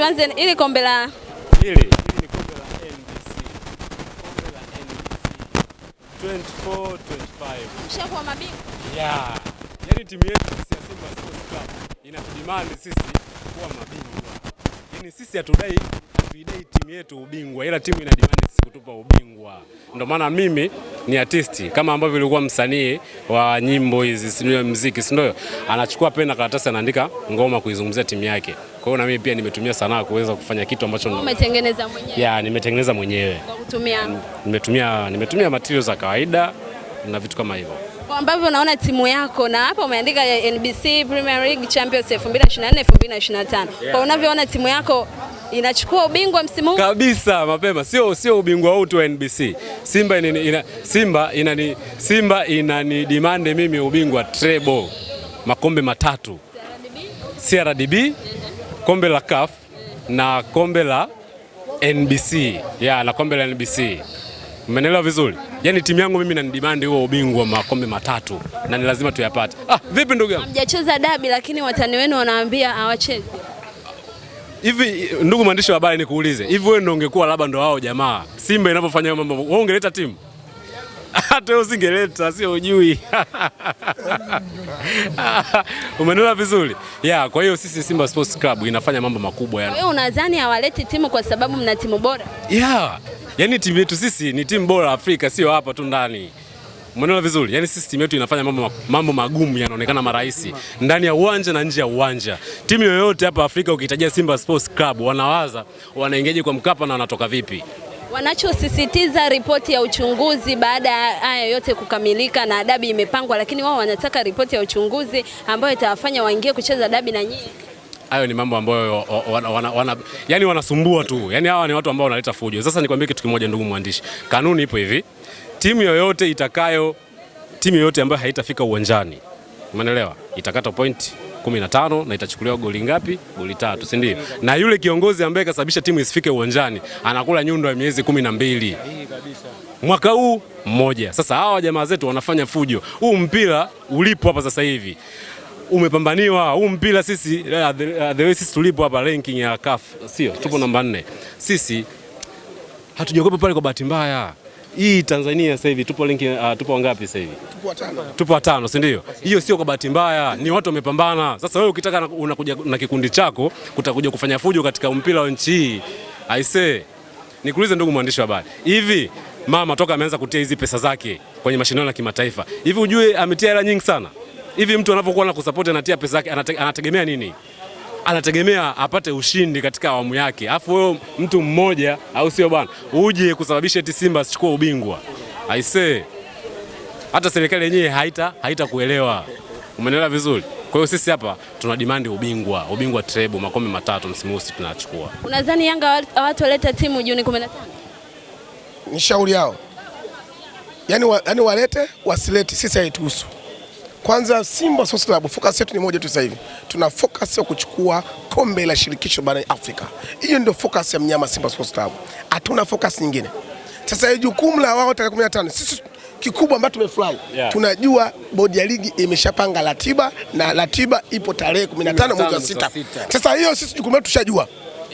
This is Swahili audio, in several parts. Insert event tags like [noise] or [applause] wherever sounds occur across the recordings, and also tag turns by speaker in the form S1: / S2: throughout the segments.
S1: tuanze ili kombe la
S2: hili ni kombe la NBC. Kombe la NBC 24 25.
S1: Mshakuwa mabingwa.
S2: Yeah. Yaani timu yetu sisi ya Simba Sports Club inatudimandi sisi kuwa mabingwa. Yaani sisi hatudai hatuidai timu yetu ubingwa ila timu inadimandi sisi kutupa ubingwa.
S3: Ndio maana mimi ni artisti kama ambavyo ilikuwa msanii wa nyimbo hizi, sio muziki, si ndio? Anachukua pena karatasi anaandika ngoma kuizungumzia timu yake. Kwa hiyo na mimi pia nimetumia sanaa kuweza kufanya kitu ambacho
S1: umetengeneza mwenyewe.
S3: Yeah, nimetengeneza mwenyewe. Kwa kutumia nimetumia nimetumia materials za kawaida na vitu kama hivyo.
S1: Kwa ambavyo unaona timu yako na hapa umeandika NBC Premier League Champions 2024 2025. Yeah. Kwa unavyoona timu yako inachukua ubingwa msimu huu
S3: kabisa mapema, sio sio ubingwa huu tu wa NBC. Simba ina, ina, Simba inani, Simba inani demand mimi ubingwa treble makombe matatu CRDB kombe la CAF na kombe la NBC ya, na kombe la NBC. Mmenielewa vizuri? Yaani timu yangu mimi nanidimandi huo ubingwa wa makombe matatu na ni lazima tuyapate. Ah, vipi ndugu yangu?
S1: Hamjacheza dabi lakini watani wenu wanaambia hawachezi.
S3: Hivi ndugu mwandishi wa habari nikuulize, hivi wewe ndio ungekuwa labda ndo wao jamaa Simba inavyofanya mambo, wewe ungeleta timu? [laughs] hata usingeleta sio ujui. [laughs] Umenula vizuri ya. Kwa hiyo sisi Simba Sports Club inafanya mambo makubwa yani.
S1: Wewe unadhani hawaleti timu kwa sababu mna timu bora
S3: ya? Yani timu yetu sisi ni timu bora Afrika, sio hapa tu ndani. Umenona vizuri yani, sisi timu yetu inafanya mambo, mambo magumu yanaonekana marahisi ndani ya uwanja na nje ya uwanja. Timu yoyote hapa Afrika ukihitajia Simba Sports Club wanawaza wanaingiaje kwa Mkapa na wanatoka vipi
S1: wanachosisitiza ripoti ya uchunguzi baada ya haya yote kukamilika na dabi imepangwa, lakini wao wanataka ripoti ya uchunguzi ambayo itawafanya waingie kucheza dabi na nyinyi.
S3: Hayo ni mambo ambayo wana, wana, wana, yani wanasumbua tu, yani hawa ni watu ambao wanaleta fujo. Sasa nikwambie kitu kimoja, ndugu mwandishi, kanuni ipo hivi, timu yoyote itakayo, timu yoyote ambayo haitafika uwanjani, umeelewa, itakata pointi 15 na itachukuliwa goli ngapi? Goli tatu, si ndio? Na yule kiongozi ambaye kasababisha timu isifike uwanjani anakula nyundo ya miezi kumi na mbili mwaka huu mmoja. Sasa hawa jamaa zetu wanafanya fujo. Huu mpira ulipo hapa sasa hivi umepambaniwa huu mpira. Sisi eh, eh, the way sisi tulipo hapa ranking ya CAF, sio tupo namba nne, sisi hatujakopa pale kwa bahati mbaya hii Tanzania sasa hivi tupo linki, uh, ah, tupo wangapi sasa hivi? Tupo watano. Tupo watano, si ndio? Hiyo sio kwa bahati mbaya, ni watu wamepambana. Sasa wewe ukitaka unakuja na kikundi chako kutakuja kufanya fujo katika mpira wa nchi hii. say Nikuulize ndugu mwandishi wa habari. Hivi mama toka ameanza kutia hizi pesa zake kwenye mashindano ya kimataifa. Hivi ujue ametia hela nyingi sana. Hivi mtu anapokuwa anakusupport anatia pesa yake anategemea nini? anategemea apate ushindi katika awamu yake, alafu wewe mtu mmoja, au sio bwana, uje kusababisha eti Simba asichukue ubingwa. Aisee, hata serikali yenyewe haita haitakuelewa. Umeelewa vizuri? Kwa hiyo sisi hapa tuna dimandi ubingwa, ubingwa trebu, makombe matatu msimu huu tunachukua.
S1: Unadhani Yanga hawatoleta timu Juni 15?
S4: Ni shauri yao, yaani, yaani walete, wasilete, sisi haituhusu. Kwanza Simba Sports Club focus yetu ni moja tu sasa hivi. Tuna focus ya kuchukua kombe la shirikisho barani Afrika. Hiyo ndio focus ya mnyama Simba Sports Club. Hatuna focus nyingine. Sasa jukumu la wao tarehe 15 sisi kikubwa ambacho tumefurahi yeah. Tunajua bodi ya ligi imeshapanga ratiba na ratiba ipo tarehe 15 mwezi wa sita. Sasa hiyo sisi jukumu letu tushajua.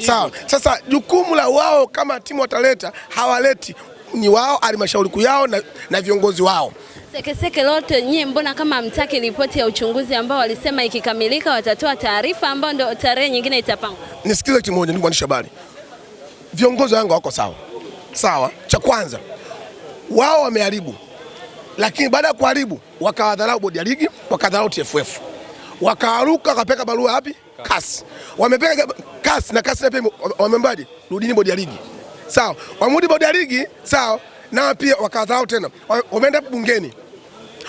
S4: Sawa. Sasa jukumu la wao kama timu wataleta hawaleti, ni wao alimashauri yao na, na viongozi wao
S1: Sekeseke lote nyie, mbona kama mtaki ripoti ya uchunguzi ambao walisema ikikamilika watatoa taarifa ambayo ndio tarehe nyingine itapangwa?
S4: Nisikilize kitu kimoja, ndugu waandishi habari, viongozi wa Yanga wako sawa sawa. Cha kwanza wao wameharibu, lakini baada ya kuharibu wakawadharau bodi ya ligi, wakadharau TFF, wakaruka wakapeka barua wapi? Kasi wamepeka kasi na kasi na pia wameambaje, rudini bodi ya ligi, sawa, wamrudi bodi ya ligi, sawa, na pia wakadharau tena, wameenda bungeni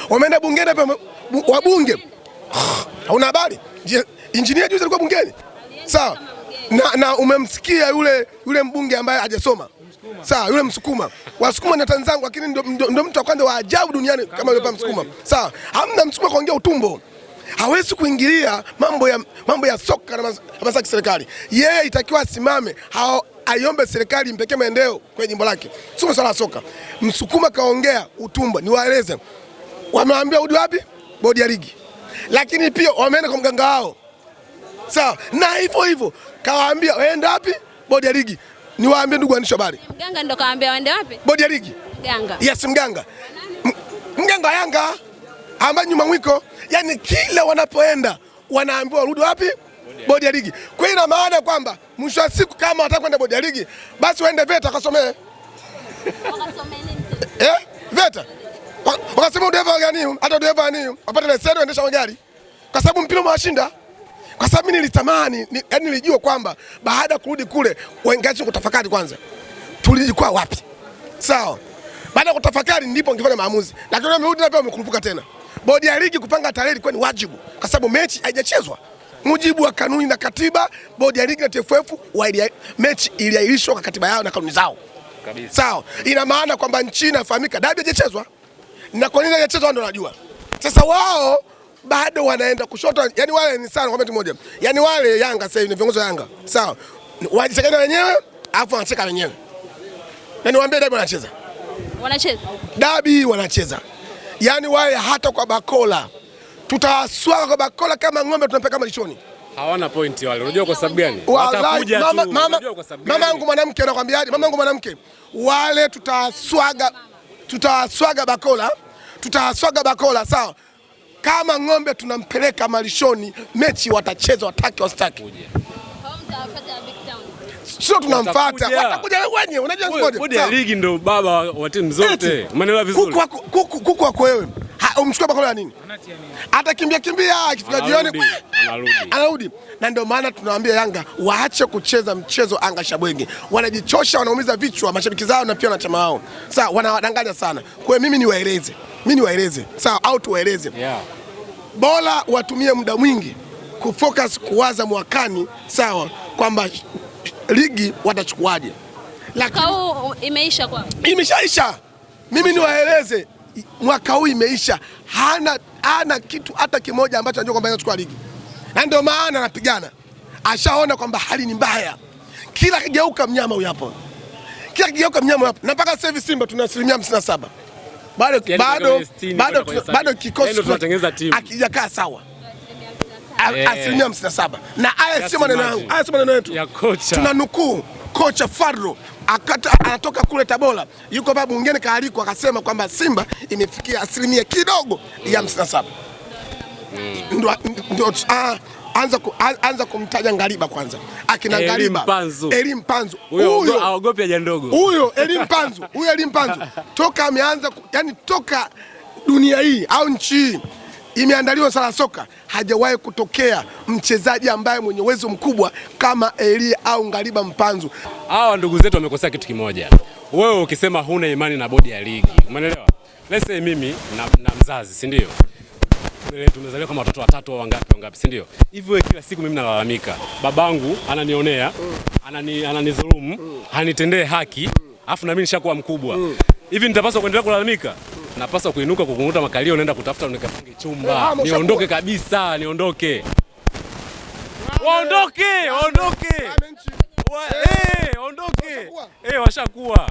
S4: wameenda bungeni hapa wabunge, hauna habari? Injinia juzi alikuwa bungeni, sawa na, na umemsikia yule yule mbunge ambaye hajasoma sawa, yule Msukuma. Wasukuma ni Tanzania, lakini ndo mtu wa kwanza wa ajabu duniani kama yule Msukuma, sawa. Hamna Msukuma kuongea utumbo, hawezi kuingilia mambo ya, mambo ya soka na masuala ya serikali. Yeye itakiwa asimame hao aiombe serikali impekee maendeleo kwenye jimbo lake, sio swala la soka. Msukuma kaongea utumbo, niwaeleze wameambia udi wapi? Bodi ya ligi, lakini pia wameenda kwa mganga wao sawa, na hivyo hivyo kawaambia waende wapi? Bodi ya ligi. Niwaambie ndugu waandishi habari,
S1: mganga ndo kawaambia waende wapi? Bodi ya ligi, mganga. Yes,
S4: mganga, mganga wa Yanga ambaye nyuma mwiko, yani kila wanapoenda wanaambiwa warudi wapi? Bodi ya ligi. Kwa hiyo ina maana kwamba mwisho wa siku kama watakwenda bodi ya ligi, basi waende VETA wakasomee eh? lazima dereva gani hata dereva ni apate leseni aendesha magari, kwa sababu mpira umewashinda. Kwa sababu mimi nilitamani ni, yani nilijua kwamba baada ya kurudi kule wangeacha kutafakari kwanza, tulijikwaa wapi? Sawa, baada ya kutafakari ndipo ningefanya maamuzi, lakini wamerudi na pia wamekurupuka tena. Bodi ya ligi kupanga tarehe ilikuwa ni wajibu, kwa sababu mechi haijachezwa mujibu wa kanuni na katiba. Bodi ya ligi na TFF wailia, mechi iliahirishwa kwa katiba yao na kanuni zao kabisa. Sawa, ina maana kwamba nchi inafahamika dabi haijachezwa na kwa nini anacheza ndo anajua. Sasa wao bado wanaenda kushoto, yani wale ni sana kwa mtu mmoja, yani wale Yanga sasa hivi ni viongozi wa Yanga, sawa, wajitegemea wenyewe afu wanacheka wenyewe, na niwaambie dabi wanacheza wanacheza dabi wanacheza, yani wale hata kwa bakola tutawaswaga kwa bakola kama ng'ombe tunampeka malichoni.
S3: Hawana pointi wale. Unajua kwa sababu gani?
S4: Watakuja tu. Mama yangu mwanamke anakuambiaje? Mama yangu mwanamke, wale tutaswaga tutawaswaga bakola, tutawaswaga bakola sawa. Kama ng'ombe tunampeleka malishoni, mechi watacheza, wataki wasitaki, sio tunamfuata, watakuja wenyewe. Unajua
S3: bodi ya ligi ndo baba wa timu zote, umeelewa vizuri.
S4: Kuku wako wewe umchukue bakora ya nini? Atakimbia kimbia, akifika jioni anarudi. Na ndio maana tunawaambia Yanga waache kucheza mchezo anga shabwenge, wanajichosha, wanaumiza vichwa mashabiki zao na pia wanachama wao. Sawa, wanawadanganya sana. Kwa hiyo mimi niwaeleze, mimi niwaeleze sawa, au tuwaeleze yeah. Bora watumie muda mwingi kufocus kuwaza mwakani, sawa, kwamba ligi watachukuaje.
S1: Lakini imeisha kwa
S4: imeshaisha. Mimi niwaeleze mwaka huu imeisha, hana, hana kitu hata kimoja ambacho anajua kwamba anachukua ligi, na ndio maana anapigana. Ashaona kwamba hali ni mbaya, kila kigeuka mnyama huyo hapo, kila kigeuka mnyama hapo, na mpaka sasa hivi Simba tuna asilimia hamsini na saba bado yaani bado kikosi yaani akijakaa sawa eh. asilimia hamsini na saba na haya sio maneno yangu, haya sio maneno yetu, tuna nukuu kocha Farro akata, anatoka kule Tabora, yuko hapa bungeni kaalikwa, akasema kwamba Simba imefikia asilimia kidogo ya 57. Mm. Ndio ndio ah, anza ku, anza kumtaja Ngariba kwanza, akina Ngariba Elim elimpanzu
S3: huyo aogopi haja ndogo
S4: huyo Elim huyo Elim toka ameanza yani, toka dunia hii au nchi hii imeandaliwa sala soka, hajawahi kutokea mchezaji ambaye mwenye uwezo mkubwa kama Elia au Ngariba Mpanzu.
S3: Hawa ndugu zetu wamekosea kitu kimoja. Wewe ukisema huna imani na bodi ya ligi, umeelewa? Let's say mimi na, na mzazi, si ndio? Tumezaliwa kama watoto watatu au wangapi wangapi, si ndio? Hivi wewe kila siku mimi nalalamika, babangu ananionea, anani ananidhulumu, hanitendee haki, afu na mimi nishakuwa mkubwa. Mm. Hivi nitapaswa kuendelea kulalamika? napaswa kuinuka kukunguta makalio, naenda kutafuta nikapange chumba, eh, niondoke kabisa, niondoke, waondoke, waondoke, eh, eh, waondoke, eh, washakuwa